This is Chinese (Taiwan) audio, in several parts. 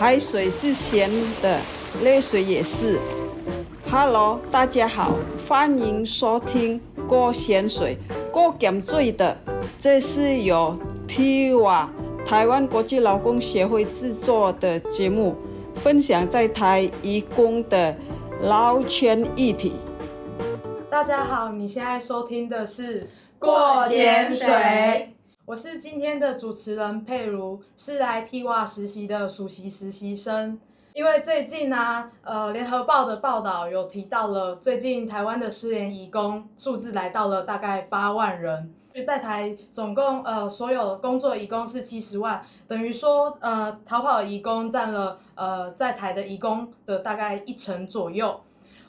海水是鹹的，淚水也是。Hello，大家好，歡迎收聽《過鹹水》《過鹹水》的，這是由台 a 台灣國際勞工協會制作的節目，分享在台一工的勞權議題。大家好，你現在收聽的是《過鹹水》。我是今天的主持人珮如，是來踢哇實習的暑期實習生。因為最近呢、啊，呃，聯合報的報道有提到了，最近台灣的失聯移工數字來到了大概八萬人。就在台總共呃所有工作移工是七十萬，等於說呃逃跑的移工占了呃在台的移工的大概一成左右。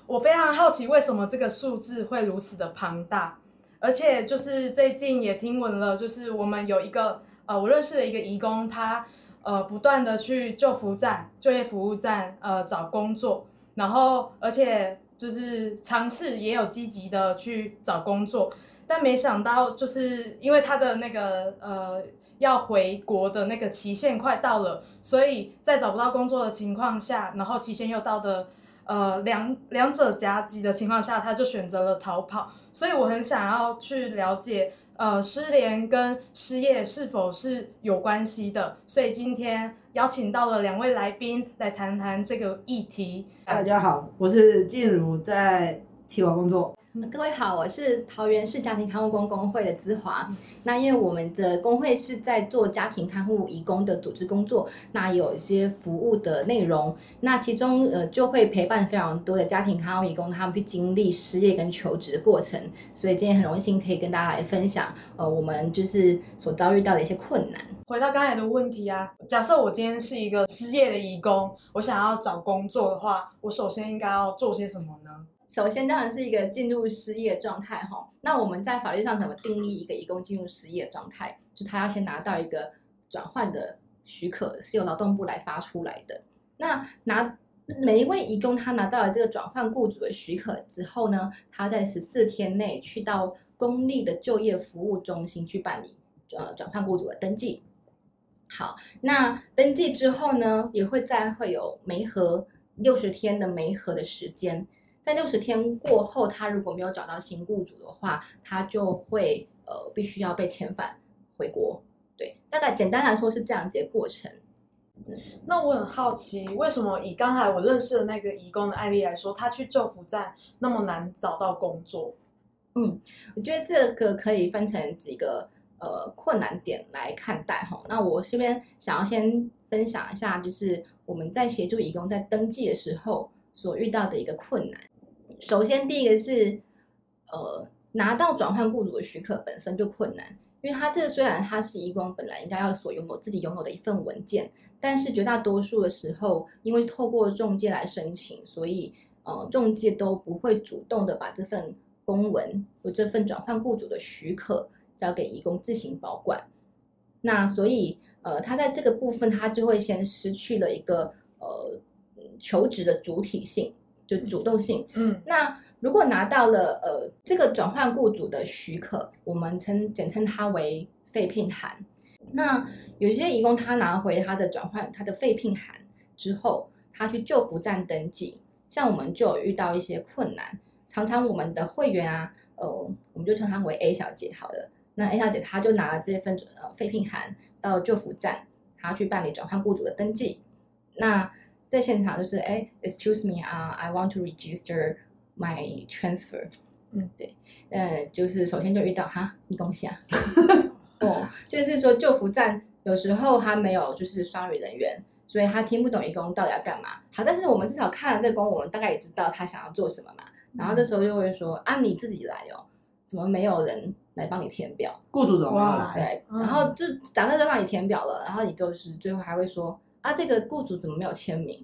我非常好奇為什麼這個數字會如此的龐大。而且就是最近也聽聞了，就是我們有一個呃，我認識的一個移工，他呃不斷的去就服站、就業服務站呃找工作，然後而且就是嘗試也有積極的去找工作，但沒想到就是因為他的那個呃要回國的那個期限快到了，所以在找不到工作的情況下，然後期限又到的。呃，兩兩者夾擊的情況下，他就選擇了逃跑。所以我很想要去了解，呃，失聯跟失業是否是有關係的。所以今天邀請到了兩位來賓來談談這個議題。大家好，我是靜如，在踢哇工作。各位好，我是桃園市家庭看護工工會的姿華。那因為我們的工會是在做家庭看護移工的組織工作，那有一些服務的內容。那其中呃就會陪伴非常多的家庭看護移工，他們去經歷失業跟求職的過程。所以今天很榮幸可以跟大家來分享，呃，我們就是所遭遇到的一些困難。回到剛才的問題啊，假設我今天是一個失業的移工，我想要找工作的話，我首先應該要做些什麼呢？首先當然是一個進入失業狀態哈。那我們在法律上怎麼定義一個移工進入失業狀態？就他要先拿到一個轉換的許可，是由勞動部來發出來的。那拿每一位移工他拿到了這個轉換雇主的許可之後呢，他在十四天內去到公立的就業服務中心去辦理呃轉換雇主的登記。好，那登記之後呢，也會再會有媒合六十天的媒合的時間。在六十天過後，他如果沒有找到新雇主的話，他就會呃必須要被遣返回國。對，大概簡單來說是這樣子的過程。那我很好奇，為什麼以剛才我認識的那個移工的案例來說，他去就服站那麼難找到工作？嗯，我覺得這個可以分成幾個呃困難點來看待哈。那我這邊想要先分享一下，就是我們在協助移工在登記的時候所遇到的一個困難。首先，第一個是，呃，拿到轉換雇主的許可本身就困難，因為他這個雖然他是移工，本來應該要所擁有自己擁有的一份文件，但是絕大多數的時候，因為透過中介來申請，所以呃，中介都不會主動的把這份公文或這份轉換雇主的許可交給移工自行保管。那所以，呃，他在這個部分，他就會先失去了一個呃求職的主體性。就主動性，嗯，那如果拿到了呃這個轉換雇主的許可，我們稱簡稱它為廢聘函。那有些移工他拿回他的轉換他的廢聘函之後，他去就服站登記，像我們就遇到一些困難，常常我們的會員啊，呃，我們就稱他為 A 小姐，好了，那 A 小姐她就拿了這份呃廢聘函到就服站，她去辦理轉換雇主的登記，那。在現場就是，哎、欸，excuse me 啊、uh，I want to register my transfer。嗯，對，呃，就是首先就遇到哈，移工想，哦，就是說就服站有時候他沒有就是雙語人員，所以他聽不懂移工到底要幹嘛。好，但是我們至少看了這工，我們大概也知道他想要做什麼嘛。嗯、然後這時候就會說，啊，你自己來喲、哦，怎麼沒有人來幫你填表？雇主，wow, 對，嗯、然後就打算就幫你填表了，然後你就是最後還會說，啊，這個雇主怎麼沒有簽名？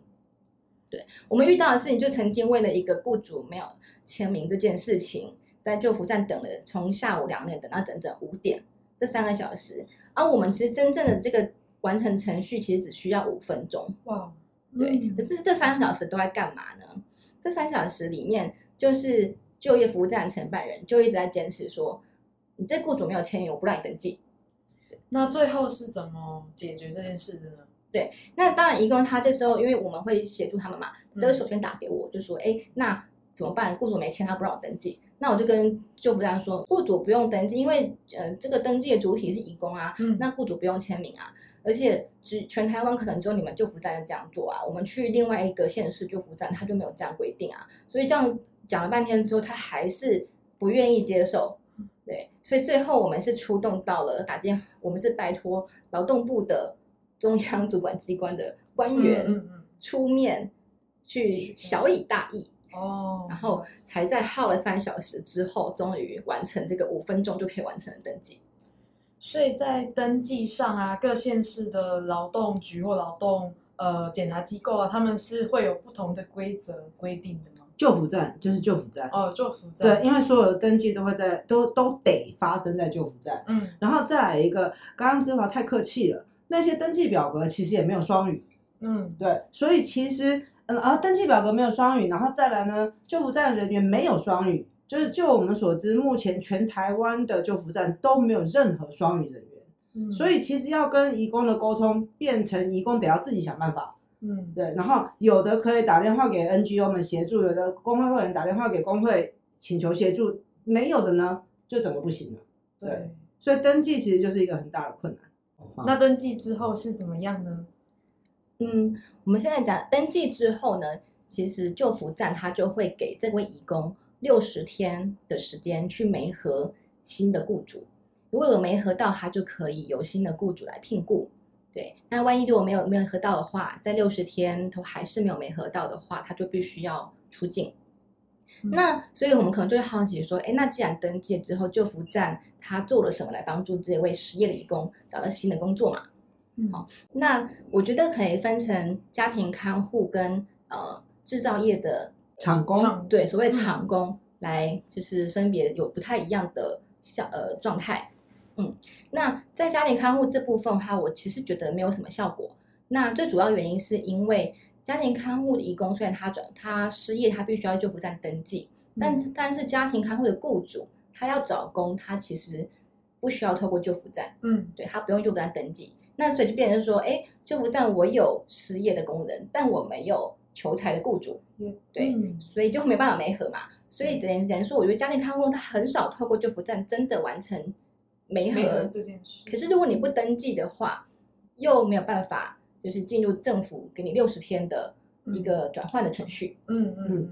對，我們遇到的事情，就曾經為了一個雇主沒有簽名這件事情，在就服站等了從下午兩點等到整整五點，這三個小時。而、啊、我們其實真正的這個完成程序，其實只需要五分鐘。哇，嗯、對。可是這三個小時都在幹嘛呢？這三小時裡面，就是就業服務站的承辦人就一直在堅持說：“你這雇主沒有簽名，我不讓你登記。對”那最後是怎麼解決這件事的呢？對，那當然，移工他這時候因為我們會協助他們嘛，都首先打給我，就說，哎、嗯欸，那怎麼辦？雇主沒簽，他不讓我登記。那我就跟就服站說，雇主不用登記，因為呃，這個登記的主體是移工啊，嗯、那雇主不用簽名啊。而且只全台灣可能只有你們就服站這樣做啊，我們去另外一個縣市就服站，他就沒有這樣規定啊。所以這樣講了半天之後，他還是不願意接受，對，所以最後我們是出動到了，打電，我們是拜托勞動部的。中央主管機關的官員出面去曉以大義，嗯嗯嗯、哦，然後才在耗了三小時之後終於完成這個五分鐘就可以完成的登記。所以在登記上啊，各縣市的勞動局或勞動呃檢查機構啊，他們是會有不同的規則規定的嗎？就服站就是就服站哦，就服站對，因為所有的登記都會在都都得發生在就服站。嗯，然後再來一個，剛剛姿華太客氣了。那些登記表格其實也沒有雙語，嗯，對，所以其實，嗯，啊，登記表格沒有雙語，然後再來呢，就服站人員沒有雙語，就是就我們所知，目前全台灣的就服站都沒有任何雙語人員，嗯，所以其實要跟移工的溝通，變成移工得要自己想辦法，嗯，對，然後有的可以打電話給 NGO 們協助，有的工會會員打電話給工會請求協助，沒有的呢，就整個不行了，對，對所以登記其實就是一個很大的困難。那登記之後是怎麼樣呢？嗯，我們現在講登記之後呢，其實就服站他就會給這位移工六十天的時間去媒合新的雇主。如果有媒合到，他就可以由新的雇主來聘雇。對，那萬一對我沒有沒有合到的話，在六十天都還是沒有媒合到的話，他就必須要出境。那，所以我們可能就會好奇說，哎，那既然登記之後，就服站他做了什麼來幫助這位失聯的移工找到新的工作嘛？好、嗯哦，那我覺得可以分成家庭看護跟呃製造業的廠工，對，所謂廠工、嗯、來就是分別有不太一樣的效呃狀態。嗯，那在家庭看護這部分哈，我其實覺得沒有什麼效果。那最主要原因是因為。家庭看護的移工雖然他轉他失業，他必須要就服站登記，嗯、但但是家庭看護的雇主他要找工，他其實不需要透過就服站，嗯，對，他不用就服站登記，那所以就變成說，哎、欸，就服站我有失業的工人，但我沒有求才的雇主，嗯、對，所以就沒辦法媒合嘛，所以等於等於說，我覺得家庭看護他很少透過就服站真的完成媒合，媒合這件事。可是如果你不登記的話，又沒有辦法。就是進入政府給你六十天的一個轉換的程序嗯。嗯嗯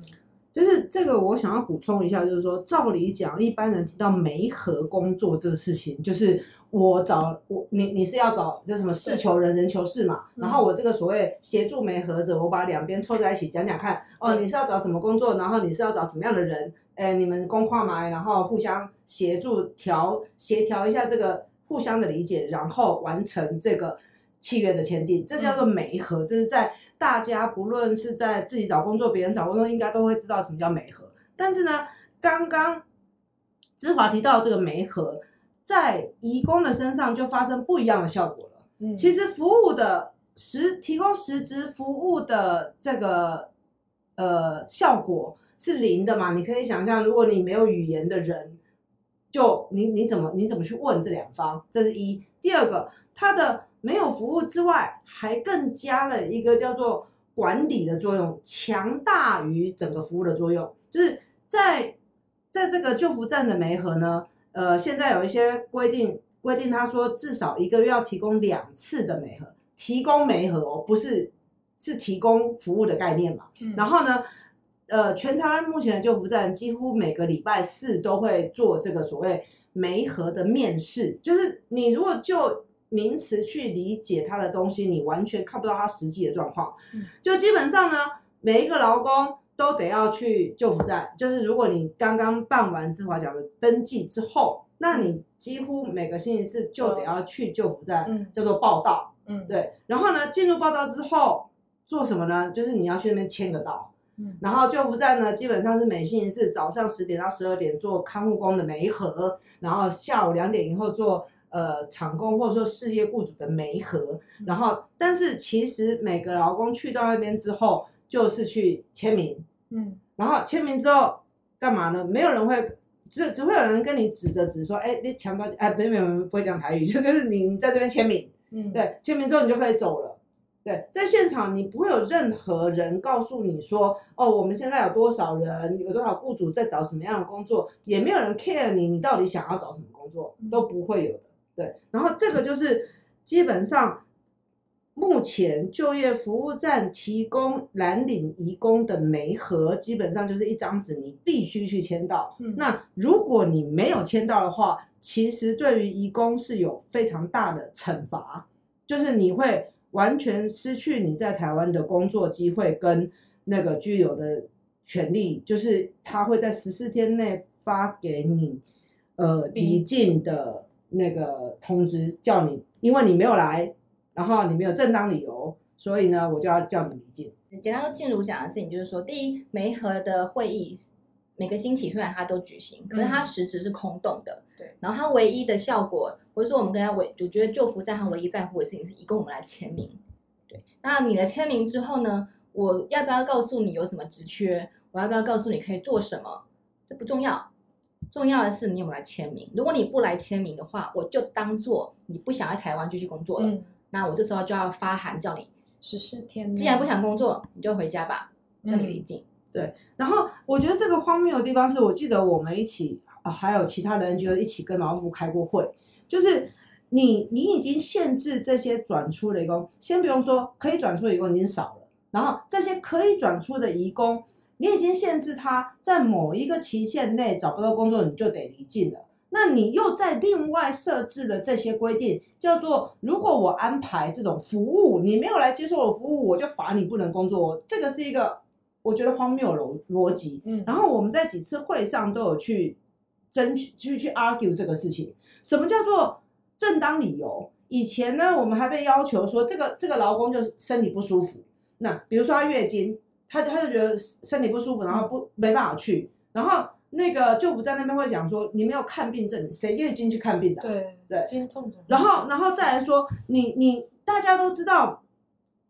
就是這個我想要補充一下，就是說照理講，一般人提到媒合工作這個事情，就是我找我你你是要找就什麼事求人對人求事嘛。然後我這個所謂協助媒合者，我把兩邊湊在一起講講看。對哦，你是要找什麼工作？然後你是要找什麼樣的人？哎對、欸，你們工化嘛，然後互相協助調協調一下這個互相的理解，然後完成這個。契約的簽訂，這叫做媒合，嗯、這是在大家不論是在自己找工作，別人找工作，應該都會知道什麼叫媒合。但是呢，剛剛姿華提到這個媒合，在移工的身上就發生不一樣的效果了。嗯、其實服務的實提供實質服務的這個呃效果是零的嘛。你可以想象，如果你沒有語言的人，就你你怎麼你怎麼去問這兩方？這是一。第二個，他的。沒有服務，之外，還更加了一個叫做管理的作用，強大於整個服務的作用。就是在在這個救扶站的媒合呢，呃，現在有一些規定規定，他說至少一個月要提供兩次的媒合，提供媒合哦，不是是提供服務的概念嘛。嗯、然後呢，呃，全台灣目前的救扶站幾乎每個禮拜四都會做這個所謂媒合的面試，就是你如果就。名詞去理解他的東西，你完全看不到他實際的狀況。就基本上呢，每一個勞工都得要去就服站，就是如果你剛剛辦完自華獎的登記之後，那你幾乎每個星期四就得要去就服站，嗯、叫做報到。嗯，對。然後呢，進入報到之後做什麼呢？就是你要去那邊簽個到。嗯，然後就服站呢，基本上是每星期四早上十點到十二點做看護工的媒合。然後下午兩點以後做。呃，廠工或者說事業僱主的媒合，嗯、然後但是其實每個勞工去到那邊之後，就是去簽名，嗯，然後簽名之後幹嘛呢？沒有人會，只只會有人跟你指着指說，哎，你強調，哎，對對對，不會講台語，就是你你在這邊簽名，嗯，對，簽名之後你就可以走了，對，在現場你不會有任何人告訴你說，哦，我們現在有多少人，有多少僱主在找什麼樣的工作，也沒有人 care 你，你到底想要找什麼工作，都不會有。對，然後這個就是基本上目前就業服務站提供藍領移工的媒合，基本上就是一張紙，你必須去簽到。嗯、那如果你沒有簽到的話，其實對於移工是有非常大的懲罰，就是你會完全失去你在台灣的工作機會跟那個居留的權利，就是他會在十四天內發給你呃離境的。那個通知叫你，因為你沒有來，然後你沒有正當理由，所以呢，我就要叫你離境。你簡單說，靜如想的事情就是說，第一，媒合的會議每個星期雖然它都舉行，可是它實質是空洞的。對、嗯。然後它唯一的效果，或者對說我們跟他唯，我覺得就服在，他唯一在乎的事情是，一供我們來簽名。對。那你的簽名之後呢？我要不要告訴你有什麼職缺？我要不要告訴你可以做什麼？嗯、這不重要。重要的是你有沒有來簽名。如果你不來簽名的話，我就當做你不想在台灣繼續工作了。嗯、那我這時候就要發函叫你十四天。既然不想工作，你就回家吧，這裡離境、嗯、對，然後我覺得這個荒謬的地方是，我記得我們一起、啊、還有其他人就一起跟勞部開過會，就是你你已經限制這些轉出的移工，先不用說可以轉出的移工已經少了，然後這些可以轉出的移工。你已經限制他在某一個期限內找不到工作，你就得離境了。那你又在另外設置了這些規定，叫做如果我安排這種服務，你沒有來接受我服務，我就罰你不能工作。這個是一個我覺得荒謬邏邏輯。然後我們在幾次會上都有去爭取去去 argue 這個事情，什麼叫做正當理由？以前呢，我們還被要求說這個這個勞工就身體不舒服，那比如說他月經。他他就覺得身體不舒服，然後不、嗯、沒辦法去，然後那個就服站那邊會講說，你沒有看病症，誰願意進去看病的？對對。對然後，然後再來說，你，你你大家都知道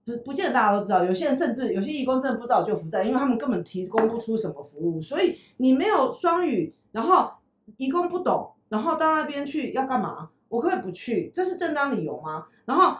不，不不見得大家都知道，有些人甚至有些移工真的不知道就服站，因為他們根本提供不出什麼服務，所以你沒有雙語，然後移工不懂，然後到那邊去要幹嘛？我可，不可以不去，這是正當理由嗎？然後。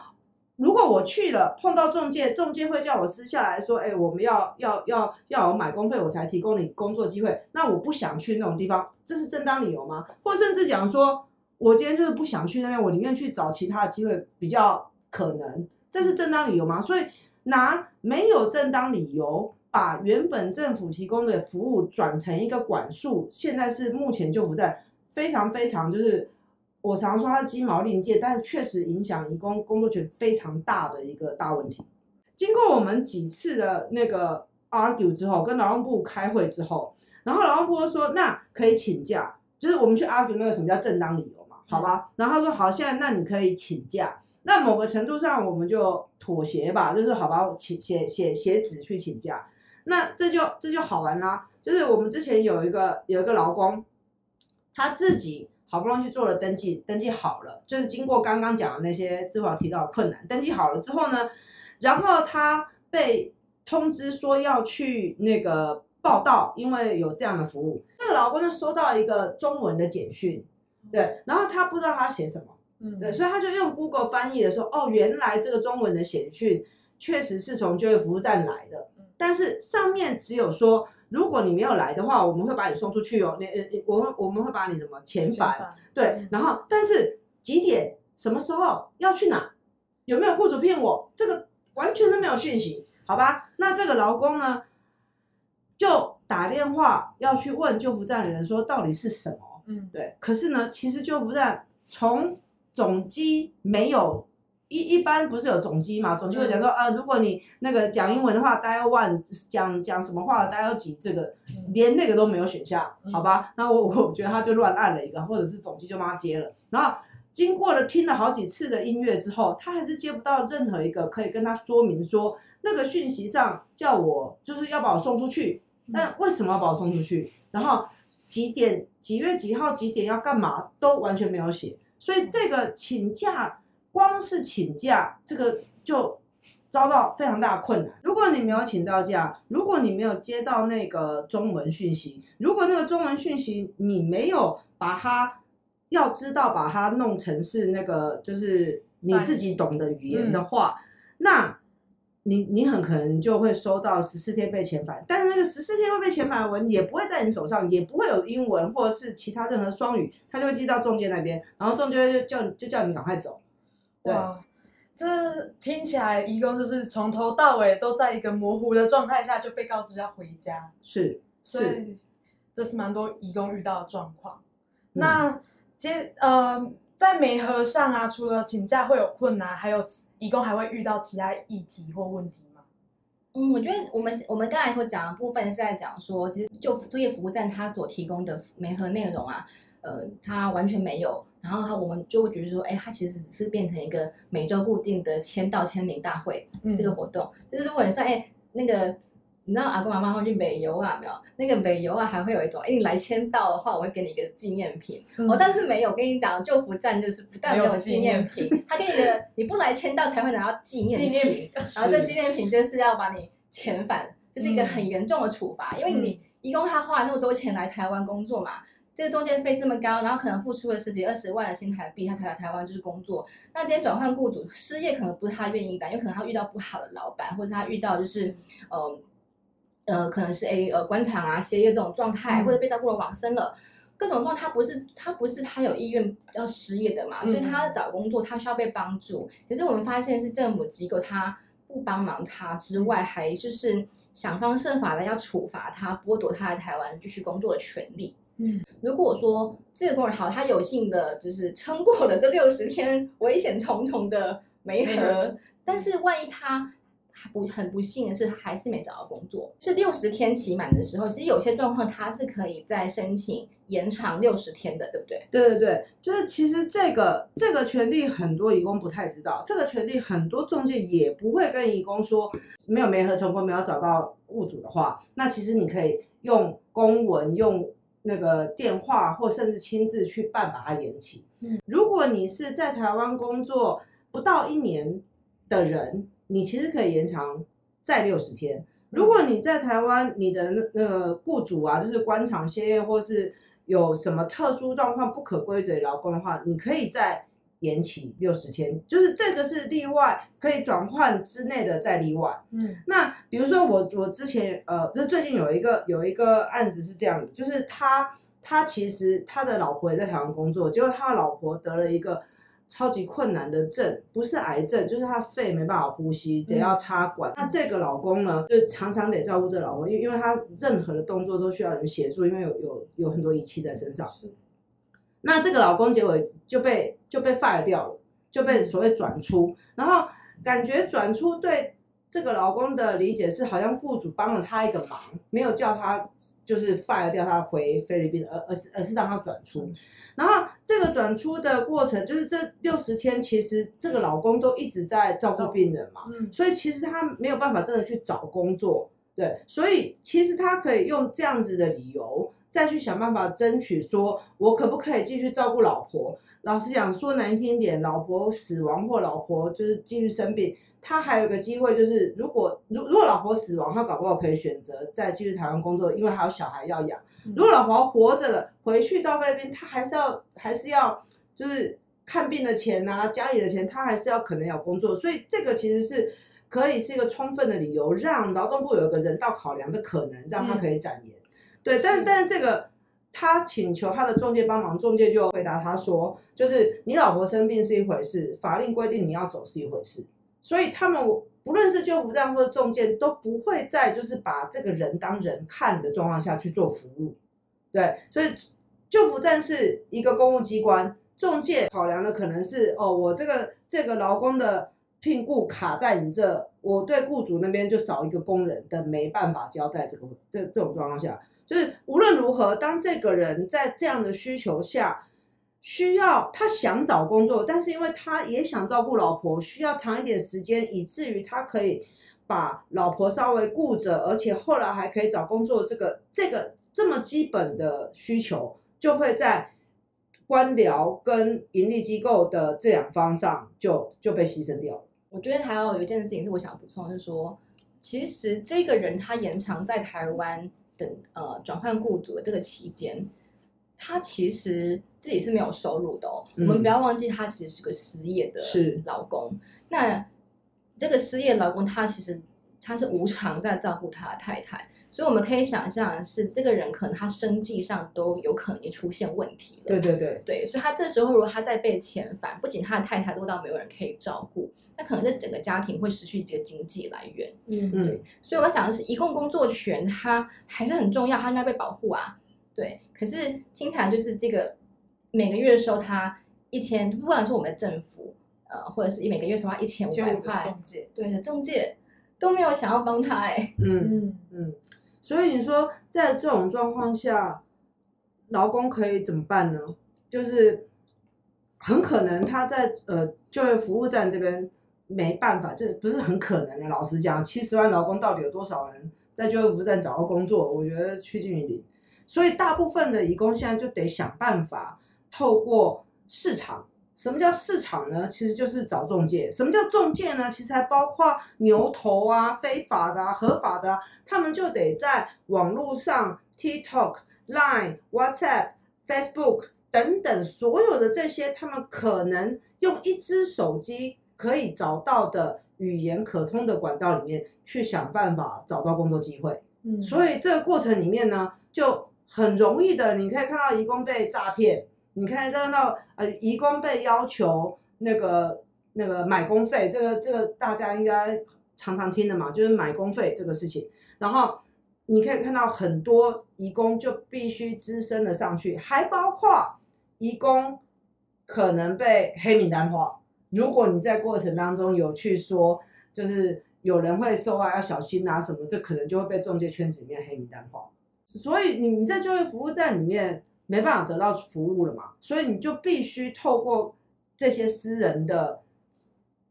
如果我去了碰到仲介，仲介會叫我私下來說，哎、欸，我們要要要要我買工費，我才提供你工作機會。那我不想去那種地方，這是正當理由嗎？或甚至講說，我今天就是不想去那邊，我寧願去找其他的機會比較可能，這是正當理由嗎？所以拿沒有正當理由把原本政府提供的服務轉成一個管束，現在是目前就不在非常非常就是。我常說他是雞毛令箭，但是確實影響移工工作權非常大的一個大問題。經過我們幾次的那個 argue 之後，跟勞動部開會之後，然後勞動部說那可以請假，就是我們去 argue 那個什麼叫正當理由嘛，好吧？嗯、然後他說好，現在那你可以請假。那某個程度上我們就妥協吧，就是好吧，請寫寫寫寫紙去請假。那這就這就好玩啦，就是我們之前有一個有一個勞工，他自己、嗯。好不容易去做了登記，登記好了，就是經過剛剛講的那些姿華提到的困難，登記好了之後呢，然後他被通知說要去那個報到，因為有這樣的服務，這、那個老公就收到一個中文的簡訊，對，然後他不知道他寫什麼，嗯，對，所以他就用 Google 翻譯的說，哦，原來這個中文的簡訊確實是從就業服務站來的，但是上面只有說。如果你沒有來的話，我們會把你送出去哦。呃，我我們會把你什麼遣返，返。對，對，然後但是幾點什麼時候要去哪？有沒有雇主騙我？這個完全都沒有訊息，好吧？那這個勞工呢，就打電話要去問就服站的人說到底是什麼？嗯，對。可是呢，其實就服站從總機沒有。一一般不是有總機嘛？總機會講說，啊如果你那個講英文的話，dial one 講講什麼話，dial 幾這個，連那個都沒有選下，好吧？那我我覺得他就亂按了一個，或者是總機就幫他接了。然後經過了聽了好幾次的音樂之後，他還是接不到任何一個可以跟他說明說那個訊息上叫我就是要把我送出去，但為什麼要把我送出去？然後幾點幾月幾號幾點要幹嘛都完全沒有寫，所以這個請假。光是請假這個就遭到非常大的困難。如果你沒有請到假，如果你沒有接到那個中文訊息，如果那個中文訊息你沒有把它，要知道把它弄成是那個就是你自己懂的語言的話，嗯、那你，你你很可能就會收到十四天被遣返。但是那個十四天會被遣返的文也不會在你手上，也不會有英文或者是其他任何雙語，他就會寄到中介那邊，然後中介就叫就叫你趕快走。哇，Wow. Wow. 這聽起來，移工就是從頭到尾都在一個模糊的狀態下就被告知要回家。是，是所以這是蠻多移工遇到的狀況。嗯、那接呃，在媒合上啊，除了請假會有困難，還有移工還會遇到其他議題或問題嗎？嗯，我覺得我們我們剛才所講的部分是在講說，其實就作業服務站他所提供的媒合內容啊，呃，他完全沒有。然後我們就會覺得說，哎，他其實只是變成一個每周固定的簽到簽名大會，嗯、這個活動。就是如果你說哎那個，你知道阿公阿媽，媽會去美郵啊沒有？那個美郵啊還會有一種，因、哎、你來簽到的話，我會給你一個紀念品。嗯、哦，但是沒有，跟你講，就服站就是不但沒有紀念品，他 給你的你不來簽到才會拿到紀念品。念品然後這紀念品就是要把你遣返，嗯、就是一個很嚴重的處罰，因為你移工、嗯、他花了那麼多錢來台灣工作嘛。這個中介費這麼高，然後可能付出了十幾二十萬的新台幣，他才來台灣就是工作。那今天轉換雇主失業，可能不是他願意的，有可能他遇到不好的老闆，或者是他遇到就是，呃，呃，可能是 A 2, 呃關廠啊歇業這種狀態，或者被照顧了往生了，嗯、各種狀態他不是他不是他有意願要失業的嘛，嗯嗯所以他找工作他需要被幫助。可是我們發現是政府機構他不幫忙他之外，還就是想方設法的要處罰他，剝奪他在台灣繼續工作的權利。嗯，如果我說這個工人好，他有幸的就是撐過了這六十天危險重重的媒合，嗯、但是萬一他不很不幸的是，他還是沒找到工作。是六十天期滿的時候，其實有些狀況他是可以再申請延長六十天的，對不對？對對對，就是其實這個這個權利很多移工不太知道，這個權利很多中介也不會跟移工說，沒有媒合成功，沒有找到雇主的話，那其實你可以用公文用。那個電話或甚至親自去辦，把它延期。如果你是在台灣工作不到一年的人，你其實可以延長再六十天。如果你在台灣，你的那個雇主啊，就是關廠歇業或是有什麼特殊狀況不可歸責勞工的話，你可以在。延期六十天，就是這個是例外，可以轉換之內的再例外。嗯，那比如說我我之前呃，不是最近有一個有一個案子是這樣，就是他他其實他的老婆也在台灣工作，結果他老婆得了一個超級困難的症，不是癌症，就是他肺沒辦法呼吸，得要插管。嗯、那這個老公呢，就常常得照顧這老婆，因因為他任何的動作都需要人協助，因為有有有很多儀器在身上。是，那這個老公結果就被。就被 fire 掉了，就被所謂轉出，然後感覺轉出對這個老公的理解是，好像雇主幫了他一個忙，沒有叫他就是 fire 掉他回菲律賓，而而是而是讓他轉出，然後這個轉出的過程，就是這六十天，其實這個老公都一直在照顧病人嘛，所以其實他沒有辦法真的去找工作，對，所以其實他可以用這樣子的理由，再去想辦法爭取說，我可不可以繼續照顧老婆？老實講，說難聽一點，老婆死亡或老婆就是繼續生病，他還有個機會，就是如果如如果老婆死亡，他搞不好可以選擇再繼續台灣工作，因為還有小孩要養。如果老婆活着了，回去到外邊，他還是要還是要就是看病的錢啊，家裡的錢，他還是要可能要工作，所以這個其實是可以是一個充分的理由，讓勞動部有一個人道考量的可能，讓他可以展延。嗯、對，是但但這個。他請求他的中介幫忙，中介就回答他說：“就是你老婆生病是一回事，法令規定你要走是一回事。”所以他們不論是就服站或者中介，都不會在就是把這個人當人看的狀況下去做服務。對，所以就服站是一個公務機關，中介考量的可能是：哦，我這個這個勞工的聘僱卡在你這，我對雇主那邊就少一個工人的，但沒辦法交代這個這這種狀況下。就是無論如何，當這個人在這樣的需求下需要他想找工作，但是因為他也想照顧老婆，需要長一點時間，以至於他可以把老婆稍微顧着，而且後來還可以找工作，這個。這個這個這麼基本的需求，就會在官僚跟盈利機構的這兩方上就就被犧牲掉了。我覺得還有一件事情是我想補充，就是說，其實這個人他延長在台灣。等呃，轉換雇主的這個期間，他其實自己是沒有收入的哦。嗯，我們不要忘記，他其實是個失業的老公。是那這個失業老公，他其實他是無償在照顧他的太太。所以我們可以想象，是這個人可能他生計上都有可能也出現問題的對對對。對，所以他這時候如果他再被遣返，不僅他的太太多到沒有人可以照顧，那可能這整個家庭會失去這個經濟來源。嗯嗯。所以我想的是，一共工作權他還是很重要，他應該被保護啊。對。可是聽起來就是這個每個月收他一千，不管是我們的政府，呃，或者是每個月收他一千五百塊，中介對的中介都沒有想要幫他哎、欸嗯。嗯嗯嗯。所以你說在這種狀況下，勞工可以怎麼辦呢？就是很可能他在呃就業服務站這邊沒辦法，這不是很可能的。老實講，七十萬勞工到底有多少人在就業服務站找到工作？我覺得趨近於零。所以大部分的移工現在就得想辦法透過市場。什麼叫市場呢？其實就是找中介。什麼叫中介呢？其實還包括牛頭啊、非法的、啊、合法的、啊，他們就得在網絡上、TikTok、Line、WhatsApp、Facebook 等等，所有的這些，他們可能用一只手機可以找到的語言可通的管道裡面去想辦法找到工作機會。嗯，所以這個過程裡面呢，就很容易的，你可以看到移工被詐騙。你可以看到，呃，移工被要求那個那個買工費，這個這個大家應該常常聽的嘛，就是買工費這個事情。然後你可以看到很多移工就必須資深的上去，還包括移工可能被黑名單化。如果你在過程當中有去說，就是有人會說話啊，要小心啊什麼，這可能就會被中介圈子裡面黑名單化。所以你你在就業服務站裡面。沒辦法得到服務了嘛，所以你就必須透過這些私人的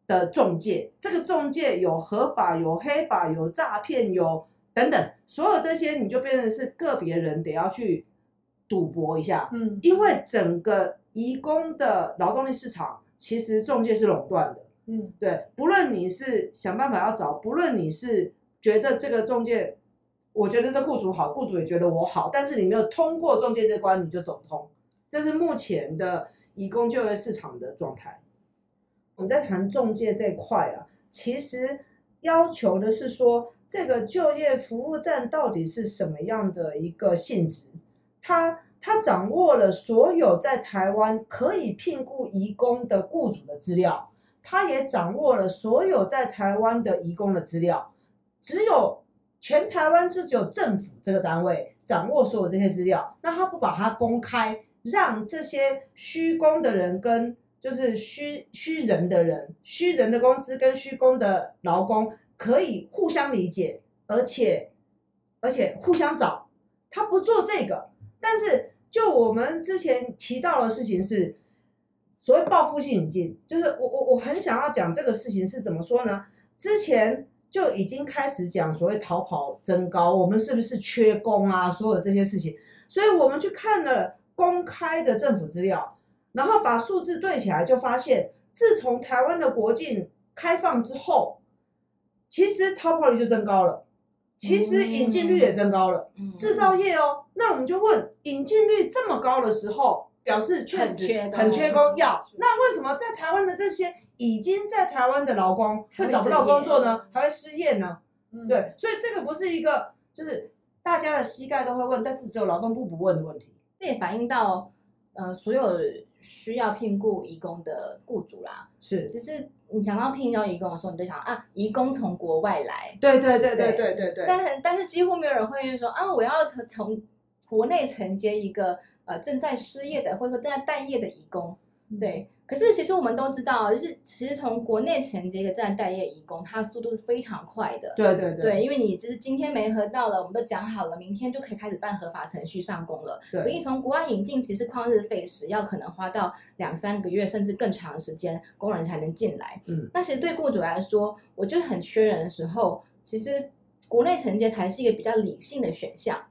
的仲介，這個仲介有合法、有黑法、有詐騙、有等等，所有這些你就變成是個別人得要去賭博一下，嗯，因為整個移工的勞動力市場其實仲介是壟斷的，嗯，對，不論你是想辦法要找，不論你是覺得這個仲介。我覺得這雇主好，雇主也覺得我好，但是你沒有通過中介這關，你就走不通。這是目前的移工就業市場的狀態。我們在談中介這一塊啊，其實要求的是說，這個就業服務站到底是什麼樣的一個性質？它它掌握了所有在台灣可以聘雇移工的雇主的資料，它也掌握了所有在台灣的移工的資料，只有。全台灣就只有政府這個單位掌握所有這些資料，那他不把它公開，讓這些需工的人跟就是需需人的人，需人的公司跟需工的勞工可以互相理解，而且而且互相找，他不做這個。但是就我們之前提到的事情是，所謂報復性引進，就是我我我很想要講這個事情是怎麼說呢？之前。就已經開始講所謂逃跑增高，我們是不是缺工啊？所有這些事情，所以我們去看了公開的政府資料，然後把數字對起來，就發現自從台灣的國境開放之後，其實逃跑率就增高了，其實引進率也增高了，嗯，制造業哦。那我們就問，引進率這麼高的時候，表示確實很缺工很缺、哦、要。那為什麼在台灣的這些？已經在台灣的勞工會找不到工作呢，還會失業呢。嗯，對，所以這個不是一個就是大家的膝蓋都會問，但是只有勞動部不問的問題。這也反映到，呃，所有需要聘雇移工的雇主啦。是。其實你想到聘雇移工的時候，你就想啊，移工從國外來。對,對對對對對對對。但很但是幾乎沒有人會願意說啊，我要從國內承接一個呃正在失業的或者正在待業的移工。對。可是其實我們都知道，就是其實從國內承接一個站待業移工，它的速度是非常快的。對對對。對，因為你就是今天沒合到了，我們都講好了，明天就可以開始辦合法程序上工了。對。所以從國外引進其實曠日費時，要可能花到兩三個月甚至更長時間，工人才能進來。嗯。那其實對雇主來說，我就是很缺人的時候，其實國內承接才是一個比較理性的選項。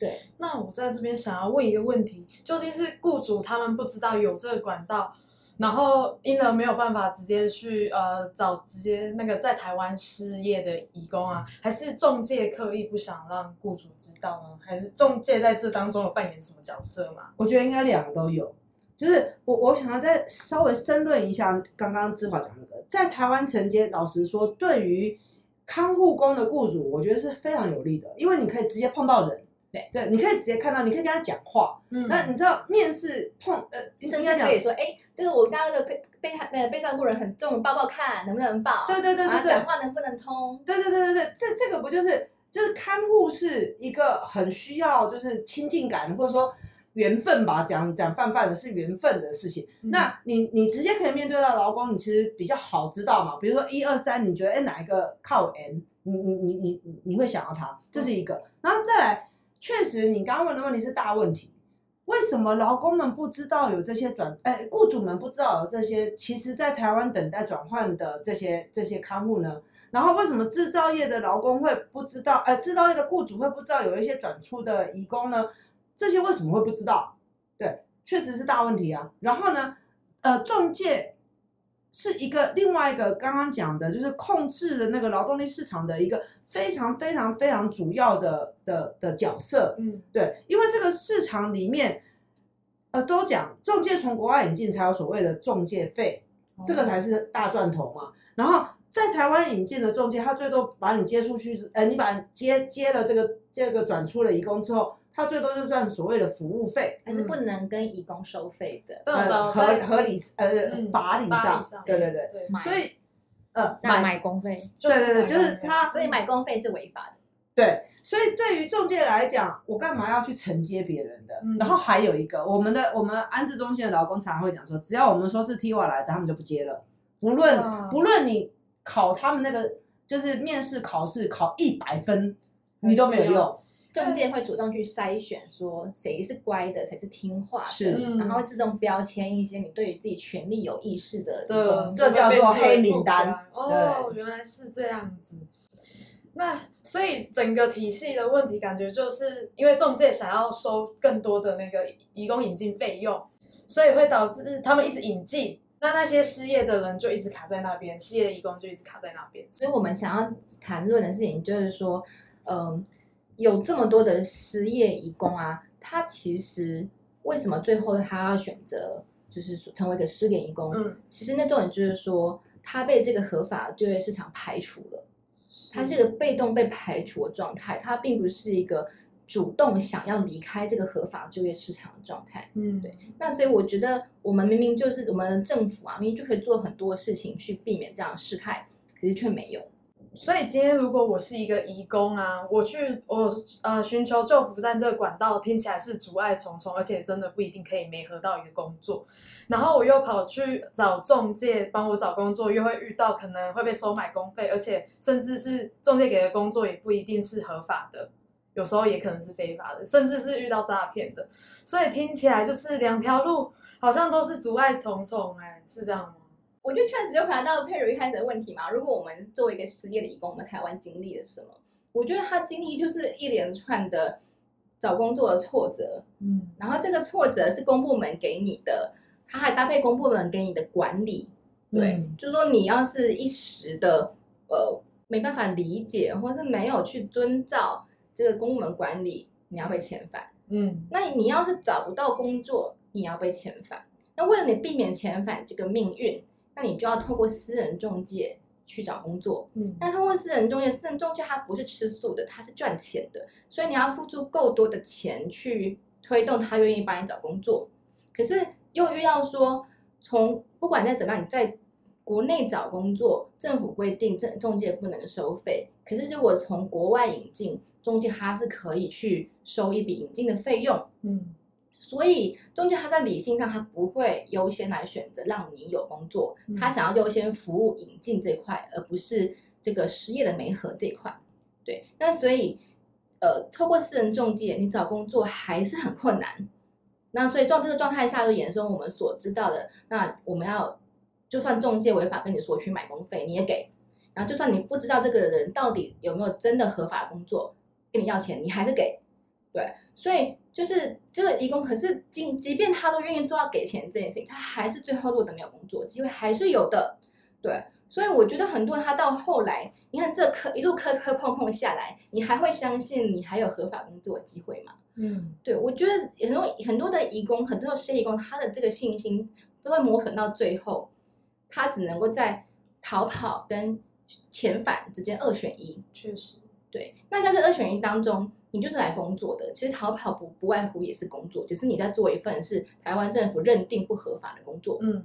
對。那我在這邊想要問一個問題：究竟是雇主他們不知道有這個管道？然後因為沒有辦法直接去呃找直接那個在台灣失業的移工啊，還是中介刻意不想讓雇主知道呢？還是中介在這當中有扮演什麼角色嗎？我覺得應該兩個都有，就是我我想要再稍微申論一下剛剛姿華講的、那個，在台灣承接，老實說對於看護工的雇主，我覺得是非常有利的，因為你可以直接碰到人，對對，你可以直接看到，你可以跟他講話，嗯、那你知道面試碰呃，醫生應該講說哎。呃這個我家這的被被害，呃被照顧人很重，抱抱看能不能抱？對對對對、啊、講話能不能通？對對對對對，這這個不就是就是看護是一個很需要就是親近感或者說緣分吧，講講泛泛的是緣分的事情。那你你直接可以面對到勞工，你其實比較好知道嘛。比如說一二三，你覺得哎哪一個靠 N？你你你你你你會想到他，這是一個。嗯、然後再來，確實你剛剛問的問題是大問題。為什麼勞工們不知道有這些轉？哎，雇主們不知道有這些？其實，在台灣等待轉換的這些這些刊物呢？然後，為什麼制造業的勞工會不知道？哎，製造業的雇主會不知道有一些轉出的移工呢？這些為什麼會不知道？對，確實是大問題啊。然後呢？呃，仲介。是一個另外一個剛剛講的，就是控制的那個勞動力市場的一個非常非常非常主要的的的角色，嗯，對，因為這個市場裡面，呃，都講仲介從國外引進才有所謂的仲介費，這個才是大賺頭嘛。然後在台灣引進的仲介，他最多把你接出去，呃，你把你接接了這個這個轉出了移工之後，他最多就算所謂的服務費，還是不能跟移工收費的。呃，合合理，呃，法理上，對對對。所以，呃，買買工費，對對對，就是他。所以買工費是違法的。對，所以對於中介來講，我幹嘛要去承接別人的？然後還有一個，我們的我們安置中心的勞工常常會講說，只要我們說是 TIWA 來的，他們就不接了。不論不論你考他們那個就是面試考試考一百分，你都沒有用。對中介會主動去篩選，說誰是乖的，誰是聽話的，是嗯、然後會自動標籤一些你對於自己權利有意識的，這叫對做，做黑，黑，黑名單。對哦，原來是這樣子。那所以整個體系的問題，感覺就是因為中介想要收更多的那個移工引進費用，所以會導致他們一直引進，那那些失業的人就一直卡在那邊，失業移工就一直卡在那邊。所以我們想要談論的事情就是說，嗯。有這麼多的失業移工啊，他其實為什麼最後他要選擇就是成為一個失聯移工？嗯，其實那種也就是說他被這個合法就業市場排除了，是他是一個被動被排除的狀態，他並不是一個主動想要離開這個合法就業市場的狀態。嗯，對。那所以我覺得我們明明就是我們政府啊，明明就可以做很多事情去避免這樣的事態，可是卻沒有。所以今天如果我是一個移工啊，我去我呃尋求就服站這個管道聽起來是阻礙重重，而且真的不一定可以媒合到一個工作，然後我又跑去找仲介幫我找工作，又會遇到可能會被收買工費，而且甚至是仲介給的工作也不一定是合法的，有時候也可能是非法的，甚至是遇到詐騙的。所以聽起來就是兩條路好像都是阻礙重重，欸，哎，是這樣嗎？我就確實又回到珮如一開始的問題嘛。如果我們作為一個失業的移工，我們台灣經歷了什麼？我覺得他經歷就是一連串的找工作的挫折，嗯，然後這個挫折是公部門給你的，他還搭配公部門給你的管理，對，嗯、就是說你要是一時的呃沒辦法理解，或是沒有去遵照這個公部門管理，你要被遣返嗯，那你要是找不到工作，你要被遣返。那為了你避免遣返，這個命運。那你就要透過私人中介去找工作，嗯，但透過私人中介，私人中介他不是吃素的，他是賺錢的，所以你要付出夠多的錢去推動他願意幫你找工作。可是又遇到說，從不管再怎麼樣，你在國內找工作，政府規定政中介不能收費。可是如果從國外引進中介，他是可以去收一筆引進的費用，嗯。所以中介他在理性上他不會優先來選擇讓你有工作，嗯、他想要優先服務引進這塊，而不是這個失業的媒合這塊。對，那所以，呃，透過私人中介你找工作還是很困難。那所以在這個狀態下，就衍生我們所知道的，那我們要就算中介違法跟你索取買工費你也給，然後就算你不知道這個人到底有沒有真的合法工作跟你要錢，你還是給。對，所以。就是這個移工，可是即即便他都願意做到給錢這件事情，他還是最後落得沒有工作機會，還是有的。對，所以我覺得很多人他到後來，你看這磕一路磕磕碰碰下來，你還會相信你還有合法工作的機會嗎？嗯，對，我覺得很多很多的移工，很多失業移工，他的這個信心都會磨損到最後，他只能夠在逃跑跟遣返之間二選一。確實。對，那在這二選一當中，你就是來工作的。其實逃跑不不外乎也是工作，只是你在做一份是台灣政府認定不合法的工作。嗯，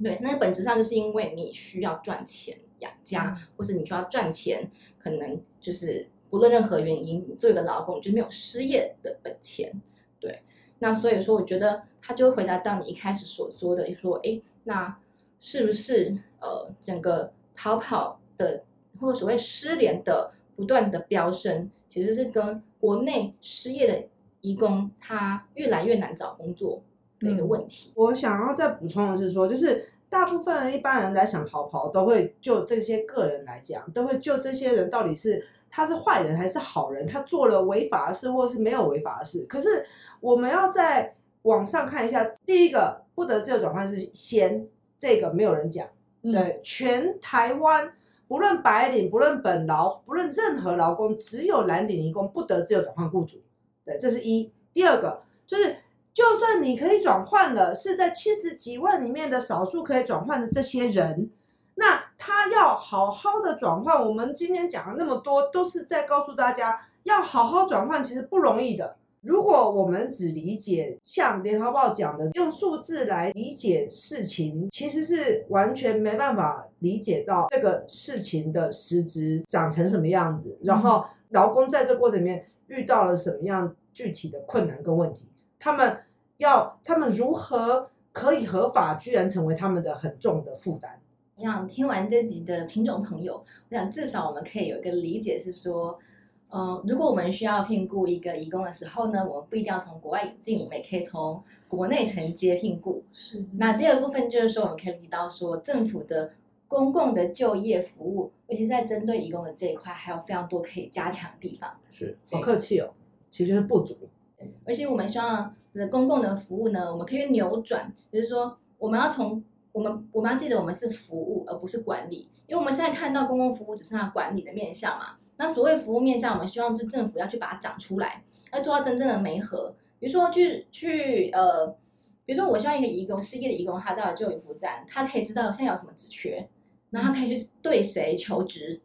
對，那本質上就是因為你需要賺錢養家，嗯、或是你需要賺錢，可能就是不論任何原因，你做一個勞工你就沒有失業的本錢。對，那所以說，我覺得他就會回答到你一開始所說的，就說：“哎，那是不是呃，整個逃跑的，或者所謂失聯的？”不斷的飆升，其實是跟國內失業的移工，他越來越難找工作的一個問題。嗯。我想要再補充的是說，就是大部分一般人來想逃跑，都會就這些個人來講，都會就這些人到底是他是壞人還是好人，他做了違法的事或是沒有違法的事。可是我們要在網上看一下，第一個不得自由轉換是先這個沒有人講，對、嗯、全台灣。不論白領，不論本勞，不論任何勞工，只有藍領移工不得自由轉換雇主。對，這是一。第二個就是，就算你可以轉換了，是在七十幾萬裡面的少數可以轉換的這些人，那他要好好的轉換。我們今天講了那麼多，都是在告訴大家要好好轉換，其實不容易的。如果我們只理解像《聯合報》講的用數字來理解事情，其實是完全沒辦法理解到這個事情的實質長成什麼樣子，然後勞工在這過程裡面遇到了什麼樣具體的困難跟問題，他們要他們如何可以合法，居然成為他們的很重的負擔。你想聽完這集的品種朋友，我想至少我們可以有一個理解是說。呃，如果我們需要聘雇一個移工的時候呢，我們不一定要從國外引進，我們也可以從國內承接聘雇。是。那第二部分就是說，我們可以提到說，政府的公共的就業服務，尤其是在針對移工的這一塊，還有非常多可以加強的地方。是，不對客氣哦。對其實是不足。對。而且我們希望的、就是、公共的服務呢，我們可以扭轉，就是說，我們要從我們我們要記得，我們是服務而不是管理，因為我們現在看到公共服務只剩下管理的面向嘛。那所謂服務面向，我們希望是政府要去把它長出來，要做到真正的媒合。比如說去，去去呃，比如說，我希望一個移工，失業的移工，他到了就業服務站，他可以知道現在有什麼職缺，然後他可以去對誰求職，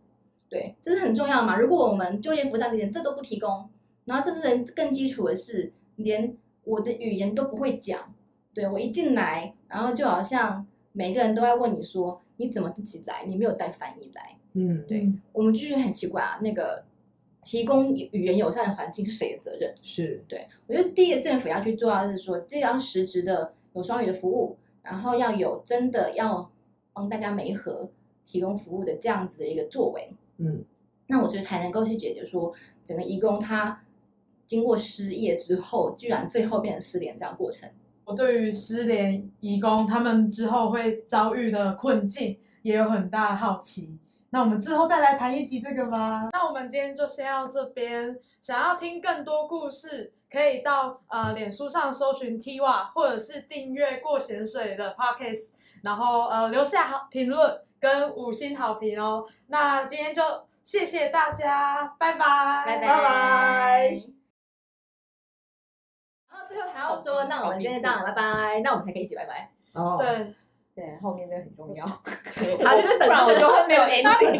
對，這是很重要的嘛。如果我們就業服務站連這都不提供，然後甚至人更基礎的是，連我的語言都不會講，對，我一進來，然後就好像每個人都在問你說，你怎麼自己來？你沒有帶翻譯來？嗯，對，我們就覺得很奇怪啊。那個提供語言友善的環境是誰的責任？是對，我覺得第一個政府要去做，是說這樣、個、要實質的有雙語的服務，然後要有真的要幫大家媒合提供服務的這樣子的一個作為。嗯，那我覺得才能夠去解決說整個移工他經過失業之後，居然最後變成失聯這樣的過程。我對於失聯移工他們之後會遭遇的困境也有很大好奇。那我們之後再來談一集這個吧。那我們今天就先到這邊。想要聽更多故事，可以到呃臉書上搜尋 TIWA，或者是訂閱過鹹水的 Podcast，然後呃留下好評論跟五星好評哦。那今天就謝謝大家，拜拜，拜拜。好，後最後還要說，oh, 那我們、oh, 今天到了，拜拜。那我們還可以一起拜拜。Oh. 對。對，後面那個很重要。他就是不然我就會沒有 ending。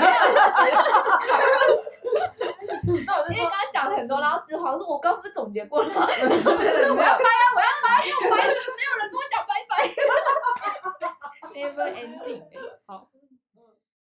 那我是因為剛講了很多，然後只好說我剛不是總結過了嗎？ 我要拍啊，我要拍拜，拜拜，沒有人跟我講拜拜。Never ending， 好。